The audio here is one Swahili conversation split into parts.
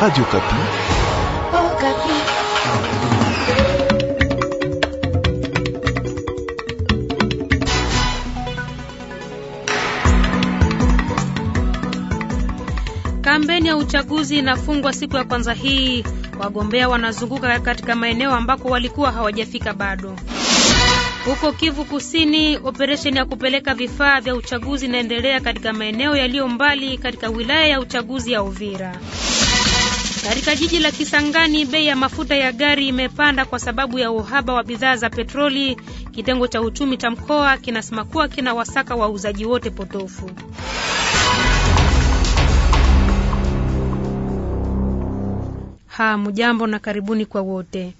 Radio Kapi. Oh, Kapi. Kampeni ya uchaguzi inafungwa siku ya kwanza hii. Wagombea wanazunguka katika maeneo ambako walikuwa hawajafika bado. Huko Kivu Kusini, operesheni ya kupeleka vifaa vya uchaguzi inaendelea katika maeneo yaliyo mbali katika wilaya ya uchaguzi ya Uvira. Katika jiji la Kisangani, bei ya mafuta ya gari imepanda kwa sababu ya uhaba wa bidhaa za petroli. Kitengo cha uchumi cha mkoa kinasema kuwa kina wasaka wauzaji wote potofu. Hamjambo na karibuni kwa wote.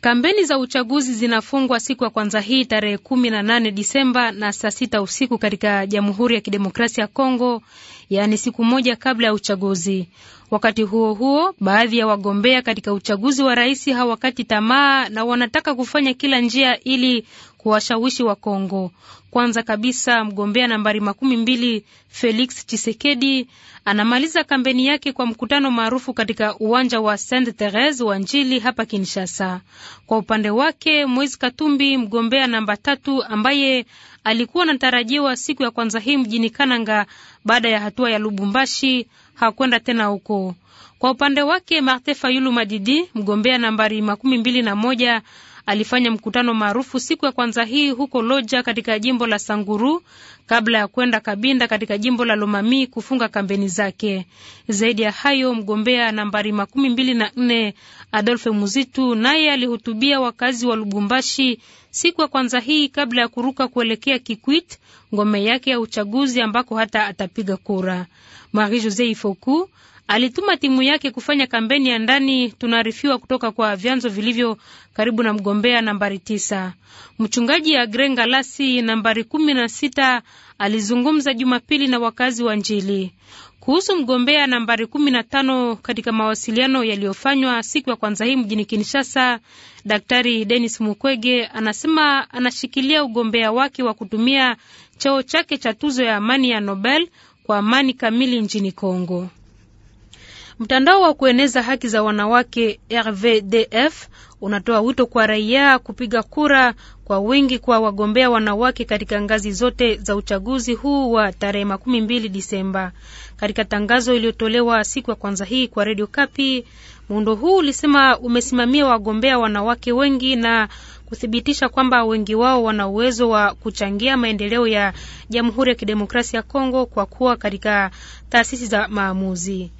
Kampeni za uchaguzi zinafungwa siku ya kwanza hii tarehe kumi na nane Disemba na saa sita usiku katika Jamhuri ya Kidemokrasia ya Kongo, yaani siku moja kabla ya uchaguzi. Wakati huo huo, baadhi ya wagombea katika uchaguzi wa rais hawakati tamaa na wanataka kufanya kila njia ili kuwashawishi wa Kongo. Kwanza kabisa, mgombea nambari makumi mbili Felix Chisekedi anamaliza kampeni yake kwa mkutano maarufu katika uwanja wa Saint Therese wa Njili hapa Kinshasa. Kwa upande wake, Moise Katumbi, mgombea namba tatu ambaye alikuwa anatarajiwa siku ya kwanza hii mjini Kananga baada ya hatua ya Lubumbashi, hakwenda tena huko. Kwa upande wake, Martin Fayulu Madidi, mgombea nambari makumi mbili na moja alifanya mkutano maarufu siku ya kwanza hii huko Loja katika jimbo la Sanguru kabla ya kwenda Kabinda katika jimbo la Lomami kufunga kampeni zake. Zaidi ya hayo, mgombea nambari makumi mbili na nne Adolfe Muzitu naye alihutubia wakazi wa Lubumbashi siku ya kwanza hii kabla ya kuruka kuelekea Kikwit, ngome yake ya uchaguzi ambako hata atapiga kura. Marie Jose Ifoku alituma timu yake kufanya kampeni ya ndani, tunaarifiwa kutoka kwa vyanzo vilivyo karibu na mgombea nambari tisa. Mchungaji ya Grenga Lasi nambari kumi na sita alizungumza Jumapili na wakazi wa Njili kuhusu mgombea nambari kumi na tano katika mawasiliano yaliyofanywa siku ya kwanza hii mjini Kinshasa. Daktari Denis Mukwege anasema anashikilia ugombea wake wa kutumia cheo chake cha tuzo ya amani ya Nobel kwa amani kamili nchini Kongo. Mtandao wa kueneza haki za wanawake RVDF unatoa wito kwa raia kupiga kura kwa wingi kwa wagombea wanawake katika ngazi zote za uchaguzi huu wa tarehe makumi mbili Disemba. Katika tangazo iliyotolewa siku ya kwanza hii kwa redio Kapi, muundo huu ulisema umesimamia wagombea wanawake wengi na kuthibitisha kwamba wengi wao wana uwezo wa kuchangia maendeleo ya Jamhuri ya Kidemokrasia ya Kongo kwa kuwa katika taasisi za maamuzi.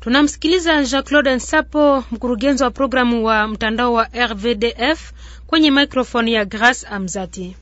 Tunamsikiliza Jean Claude Nsapo, mkurugenzi wa programu wa mtandao wa RVDF kwenye mikrofoni ya Grace Amzati.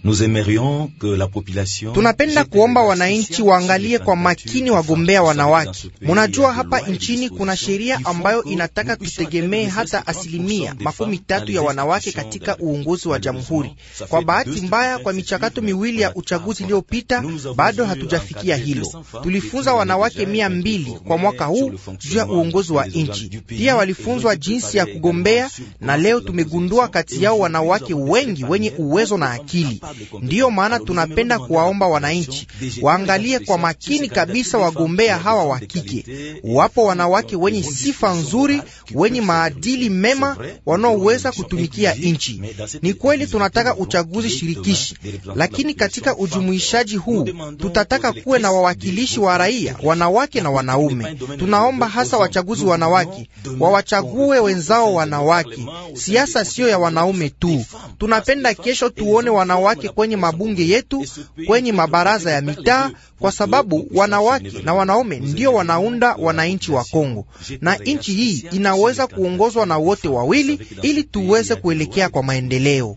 Tunapenda kuomba wananchi waangalie kwa makini wagombea wanawake. Munajua hapa nchini kuna sheria ambayo inataka tutegemee hata asilimia makumi tatu ya wanawake katika uongozi wa jamhuri. Kwa bahati mbaya, kwa michakato miwili ya uchaguzi iliyopita bado hatujafikia hilo. Tulifunza wanawake mia mbili kwa mwaka huu juu ya uongozi wa nchi, pia walifunzwa jinsi ya kugombea, na leo tumegundua kati yao wanawake wanawake wengi wenye uwezo na akili. Ndiyo maana tunapenda kuwaomba wananchi waangalie kwa makini kabisa wagombea hawa wa kike. Wapo wanawake wenye sifa nzuri, wenye maadili mema, wanaoweza kutumikia nchi. Ni kweli tunataka uchaguzi shirikishi, lakini katika ujumuishaji huu tutataka kuwe na wawakilishi wa raia, wanawake na wanaume. Tunaomba hasa wachaguzi wanawake wawachague wenzao wanawake. Siasa siyo ya wanaume tu. Tunapenda kesho tuone wanawake kwenye mabunge yetu, kwenye mabaraza ya mitaa, kwa sababu wanawake na wanaume ndio wanaunda wananchi wa Kongo, na nchi hii inaweza kuongozwa na wote wawili, ili tuweze kuelekea kwa maendeleo.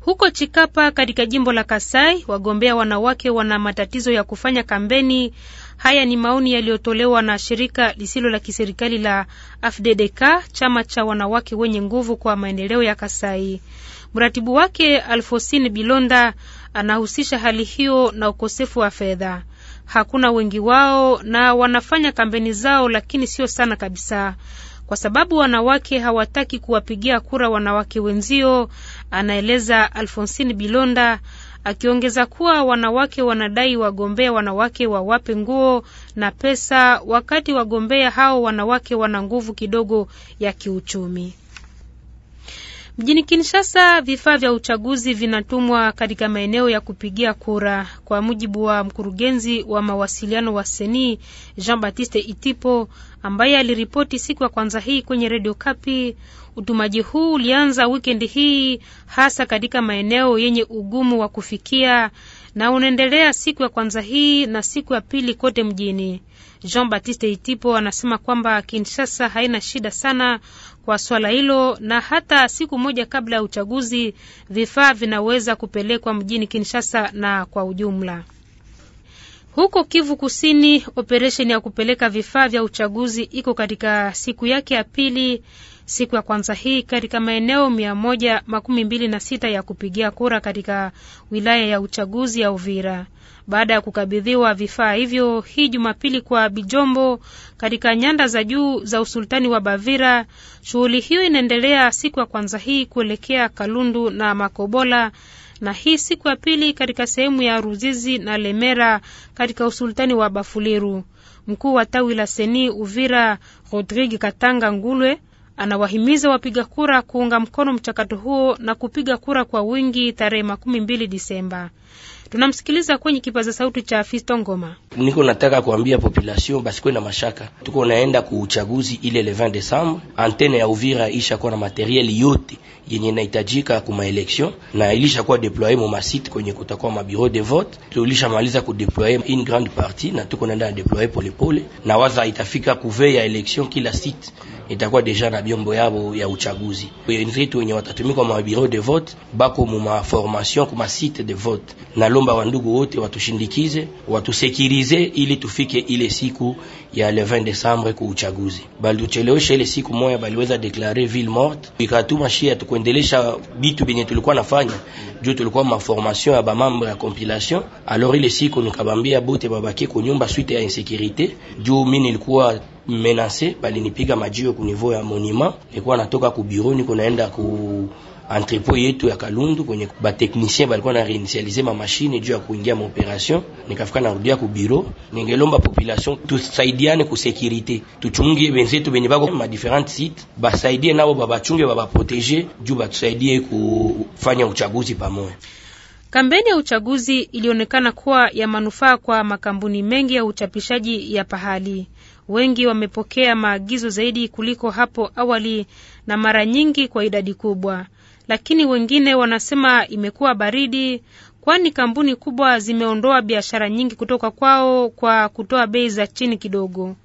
Huko Chikapa katika jimbo la Kasai, wagombea wanawake wana matatizo ya kufanya kampeni Haya ni maoni yaliyotolewa na shirika lisilo la kiserikali la AFDDK, chama cha wanawake wenye nguvu kwa maendeleo ya Kasai. Mratibu wake Alfosine Bilonda anahusisha hali hiyo na ukosefu wa fedha. Hakuna wengi wao na wanafanya kampeni zao, lakini sio sana kabisa, kwa sababu wanawake hawataki kuwapigia kura wanawake wenzio, anaeleza Alfonsine Bilonda akiongeza kuwa wanawake wanadai wagombea wanawake wawape nguo na pesa, wakati wagombea hao wanawake wana nguvu kidogo ya kiuchumi. Mjini Kinshasa, vifaa vya uchaguzi vinatumwa katika maeneo ya kupigia kura. Kwa mujibu wa mkurugenzi wa mawasiliano wa Seni Jean Baptiste Itipo ambaye aliripoti siku ya kwanza hii kwenye redio Kapi, Utumaji huu ulianza wikendi hii hasa katika maeneo yenye ugumu wa kufikia na unaendelea siku ya kwanza hii na siku ya pili kote mjini. Jean Baptiste Itipo anasema kwamba Kinshasa haina shida sana kwa swala hilo, na hata siku moja kabla ya uchaguzi vifaa vinaweza kupelekwa mjini Kinshasa na kwa ujumla huko Kivu Kusini, operesheni ya kupeleka vifaa vya uchaguzi iko katika siku yake ya pili siku ya kwanza hii katika maeneo mia moja makumi mbili na sita ya kupigia kura katika wilaya ya uchaguzi ya Uvira baada ya kukabidhiwa vifaa hivyo hii Jumapili kwa Bijombo katika nyanda za juu za usultani wa Bavira. Shughuli hiyo inaendelea siku ya kwanza hii kuelekea Kalundu na Makobola, na hii siku ya pili katika sehemu ya Ruzizi na Lemera katika usultani wa Bafuliru. Mkuu wa tawi la Seni Uvira, Rodrigue Katanga Ngulwe anawahimiza wapiga kura kuunga mkono mchakato huo na kupiga kura kwa wingi tarehe makumi mbili Disemba. Tunamsikiliza kwenye kipaza sauti cha Fisto Ngoma. Niko nataka kuambia population basi kwe na mashaka, tuko naenda kuuchaguzi ile le 20 Desembre. Antene ya Uvira ilishakuwa na materiel yote yenye inahitajika kuma election na ilishakuwa deploye mu masite kwenye kutakuwa ma bureau de vote. Tulishamaliza kudeploye une grande partie na tuko naenda na deploye polepole, na waza itafika kuve ya election kila site itakuwa deja na biombo yabo ya uchaguzi. Wenzetu wenye watatumika ma bureau de vote bako muma formation kuma site de vote, nalomba wandugu wote watushindikize, watusekirize ili tufike ile siku ya le 20 Desembre ku uchaguzi. Balituchelewesha ile siku moya, baliweza deklare ville morte, ikatuma shia tukuendelesha bitu benye tulikuwa nafanya juu tulikuwa ma formation ya bamambre ya compilation. Alors ile siku nikabambia bote babake kunyumba suite ya insécurité juu mimi nilikuwa menase balinipiga majio kunivou ya monima, nilikuwa natoka kubironi kunaenda ku entrepot yetu ya Kalundu kwenye bateknisien balikuwa na reinitialize ma mashine juu ya kuingia ma operation. Nikafika narudia ku bureau, ningelomba population tusaidiane ku securite, tuchunge benzetu benye bako ma different site, basaidie nao babachunge, babaprotege juu batusaidie kufanya uchaguzi pamoja. Kampeni ya uchaguzi ilionekana kuwa ya manufaa kwa makampuni mengi ya uchapishaji ya pahali. Wengi wamepokea maagizo zaidi kuliko hapo awali na mara nyingi kwa idadi kubwa, lakini wengine wanasema imekuwa baridi, kwani kampuni kubwa zimeondoa biashara nyingi kutoka kwao kwa kutoa bei za chini kidogo.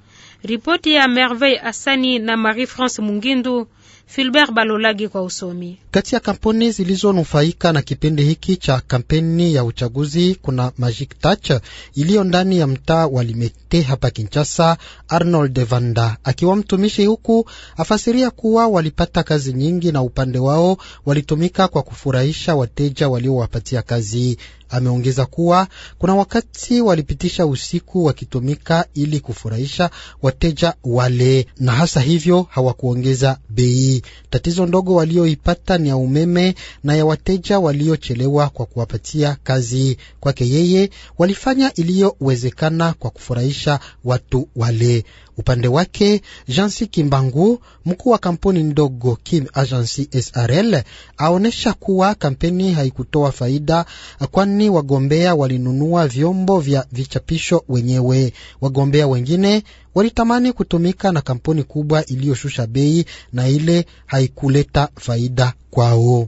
Ripoti ya Merveille Asani na Marie France Mungindu Filbert Balolagi kwa usomi. Kati ya kampuni zilizonufaika na kipindi hiki cha kampeni ya uchaguzi kuna Magic Touch iliyo ndani ya mtaa wa Limete hapa Kinshasa. Arnold Vanda akiwa mtumishi huku afasiria kuwa walipata kazi nyingi na upande wao walitumika kwa kufurahisha wateja waliowapatia kazi. Ameongeza kuwa kuna wakati walipitisha usiku wakitumika ili kufurahisha wateja wale, na hasa hivyo hawakuongeza bei. Tatizo ndogo walioipata ni ya umeme na ya wateja waliochelewa kwa kuwapatia kazi. Kwake yeye, walifanya iliyowezekana kwa kufurahisha watu wale. Upande wake Jansi Kimbangu, mkuu wa kampuni ndogo Kim Agency SRL, aonyesha kuwa kampeni haikutoa faida, kwani wagombea walinunua vyombo vya vichapisho wenyewe. Wagombea wengine walitamani kutumika na kampuni kubwa iliyoshusha bei na ile haikuleta faida kwao.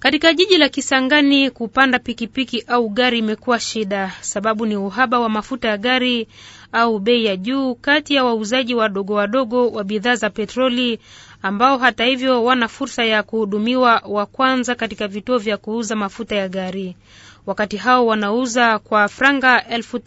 Katika jiji la Kisangani kupanda pikipiki au gari imekuwa shida. Sababu ni uhaba wa mafuta ya gari au bei ya juu kati ya wauzaji wadogo wadogo wa bidhaa za petroli ambao hata hivyo wana fursa ya kuhudumiwa wa kwanza katika vituo vya kuuza mafuta ya gari. Wakati hao wanauza kwa franga elfu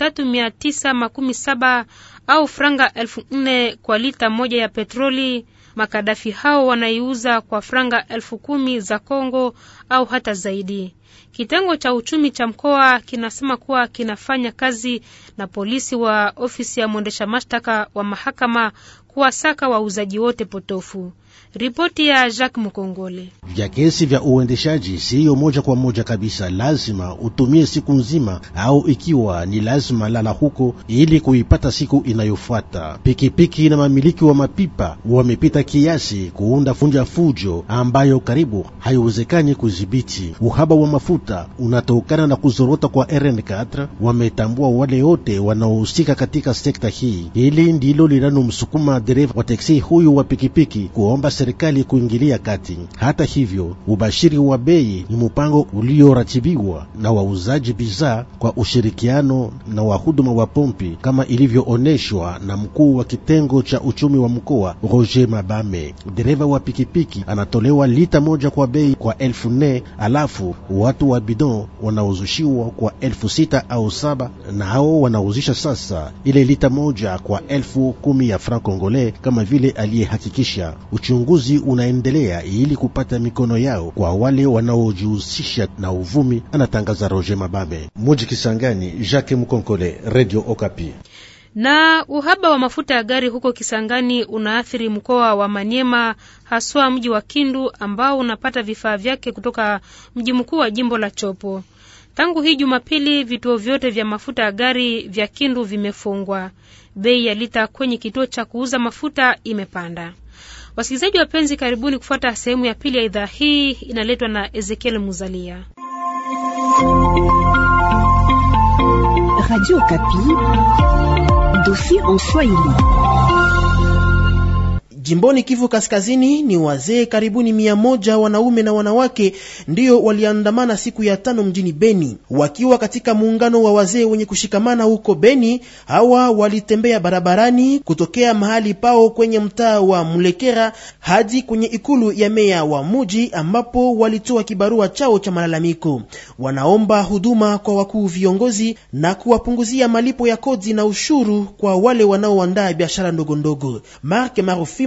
au franga 4 kwa lita moja ya petroli Makadafi hao wanaiuza kwa franga elfu kumi za Kongo au hata zaidi. Kitengo cha uchumi cha mkoa kinasema kuwa kinafanya kazi na polisi wa ofisi ya mwendesha mashtaka wa mahakama kuwasaka wauzaji wote potofu. Ripoti ya Jacques Mukongole. Vya kesi vya uendeshaji siyo moja kwa moja kabisa, lazima utumie siku nzima au ikiwa ni lazima lala huko ili kuipata siku inayofuata. Pikipiki na mamiliki wa mapipa wamepita kiasi kuunda funja fujo ambayo karibu haiwezekani kudhibiti. Uhaba wa mafuta unatokana na kuzorota kwa RN4. Wametambua wale wote wanaohusika katika sekta hii. Hili ndilo linalomsukuma dereva wa teksi huyu wa pikipiki kuomba serikali kuingilia kati. Hata hivyo, ubashiri wa bei ni mpango ulioratibiwa na wauzaji bidhaa kwa ushirikiano na wahuduma wa pompi kama ilivyoonyeshwa na mkuu wa kitengo cha uchumi wa mkoa Roger Mabame. Dereva wa pikipiki anatolewa lita moja kwa bei kwa elfu nne alafu watu wa bidon wanauzishiwa kwa elfu sita au saba na hao wanauzisha sasa ile lita moja kwa elfu kumi ya franc congolais kama vile aliyehakikisha uchunguzi uchunguzi unaendelea ili kupata mikono yao kwa wale wanaojihusisha na uvumi, anatangaza Roger mabame Muji Kisangani, Jacques Mukonkole, Radio Okapi. Na uhaba wa mafuta ya gari huko Kisangani unaathiri mkoa wa Manyema, haswa mji wa Kindu ambao unapata vifaa vyake kutoka mji mkuu wa jimbo la Chopo. Tangu hii Jumapili, vituo vyote vya mafuta ya gari vya Kindu vimefungwa. Bei ya lita kwenye kituo cha kuuza mafuta imepanda. Wasikilizaji wapenzi, karibuni kufuata sehemu ya pili ya idhaa hii, inaletwa na Ezekiel Muzalia, Radio Kapi, dosi en Swahili. Jimboni Kivu Kaskazini ni wazee karibuni mia moja wanaume na wanawake ndiyo waliandamana siku ya tano mjini Beni, wakiwa katika muungano wa wazee wenye kushikamana huko Beni. Hawa walitembea barabarani kutokea mahali pao kwenye mtaa wa Mulekera hadi kwenye ikulu ya meya wa muji, ambapo walitoa kibarua chao cha malalamiko. Wanaomba huduma kwa wakuu viongozi na kuwapunguzia malipo ya kodi na ushuru kwa wale wanaoandaa biashara ndogondogo. Mark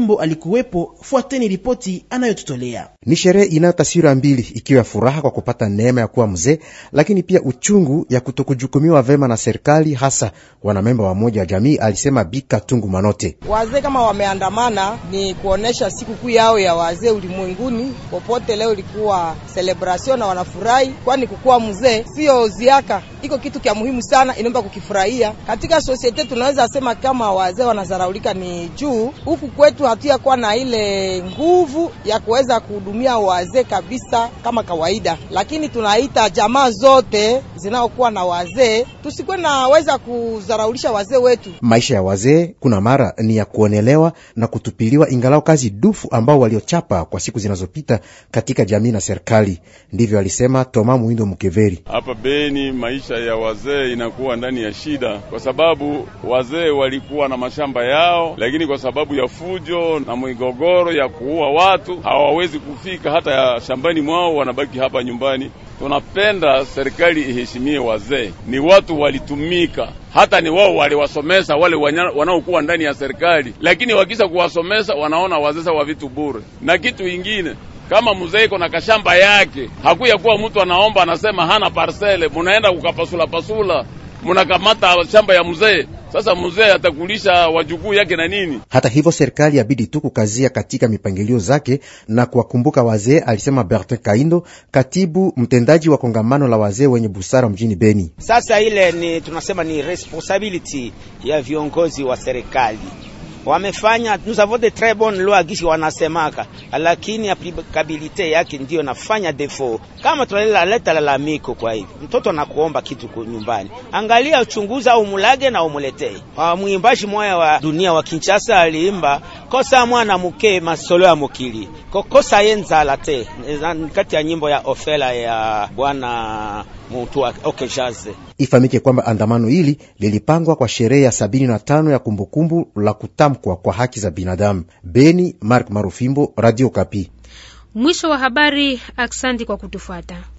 jimbo alikuwepo. Fuateni ripoti anayotutolea. Ni sherehe inayo taswira mbili, ikiwa ya furaha kwa kupata neema ya kuwa mzee, lakini pia uchungu ya kutokujukumiwa vema na serikali, hasa wanamemba wa moja wa jamii, alisema Bika Tungu Manote. Wazee kama wameandamana ni siku sikukuu yao ya wazee ulimwenguni popote. Leo ilikuwa selebrasio na wanafurahi, kwani kukuwa mzee sio ziaka iko kitu kya muhimu sana, inaomba kukifurahia katika sosiete. Tunaweza sema kama wazee wanazaraulika ni juu huku kwetu, hatuyakuwa na ile nguvu ya kuweza kuhudumia wazee kabisa kama kawaida, lakini tunaita jamaa zote zinaokuwa na wazee, tusikuwe naweza kuzaraulisha wazee wetu. Maisha ya wazee kuna mara ni ya kuonelewa na kutupiliwa, ingalau kazi dufu ambao waliochapa kwa siku zinazopita katika jamii na serikali. Ndivyo alisema Toma Muindo Mkeveri hapa Beni. Maisha maisha ya wazee inakuwa ndani ya shida, kwa sababu wazee walikuwa na mashamba yao, lakini kwa sababu ya fujo na migogoro ya kuua watu hawawezi kufika hata shambani mwao, wanabaki hapa nyumbani. Tunapenda serikali iheshimie wazee, ni watu walitumika hata ni wao waliwasomesa wale wanaokuwa ndani ya serikali, lakini wakisa kuwasomesa wanaona wazee wa vitu bure na kitu ingine kama mzee iko na kashamba yake, hakuya kuwa mtu anaomba anasema hana parsele, munaenda kukapasula pasula, munakamata shamba ya mzee. Sasa mzee atakulisha wajukuu yake na nini? Hata hivyo serikali yabidi tu kukazia katika mipangilio zake na kuwakumbuka wazee, alisema Bertin Kaindo, katibu mtendaji wa kongamano la wazee wenye busara mjini Beni. Sasa ile ni tunasema ni responsibility ya viongozi wa serikali wamefanya nous avons de très bonnes lois gisi wanasemaka, lakini applicabilite yake ndio nafanya defo. Kama tunalela tunaleta lalamiko, kwa hivi, mtoto anakuomba kitu nyumbani, angalia, uchunguza, umulage na umuletee. Mwimbashi moya wa dunia wa Kinshasa aliimba kosa mwana muke masolo ya mukili kokosa yenzala te, kati ya nyimbo ya Ofela ya bwana mtu wa okejaze. Ifahamike kwamba andamano hili lilipangwa kwa sherehe ya 75 ya kumbukumbu la kutamkwa kwa haki za binadamu. Beni, Mark Marufimbo, Radio Kapi. Mwisho wa habari. Aksandi kwa kutufuata.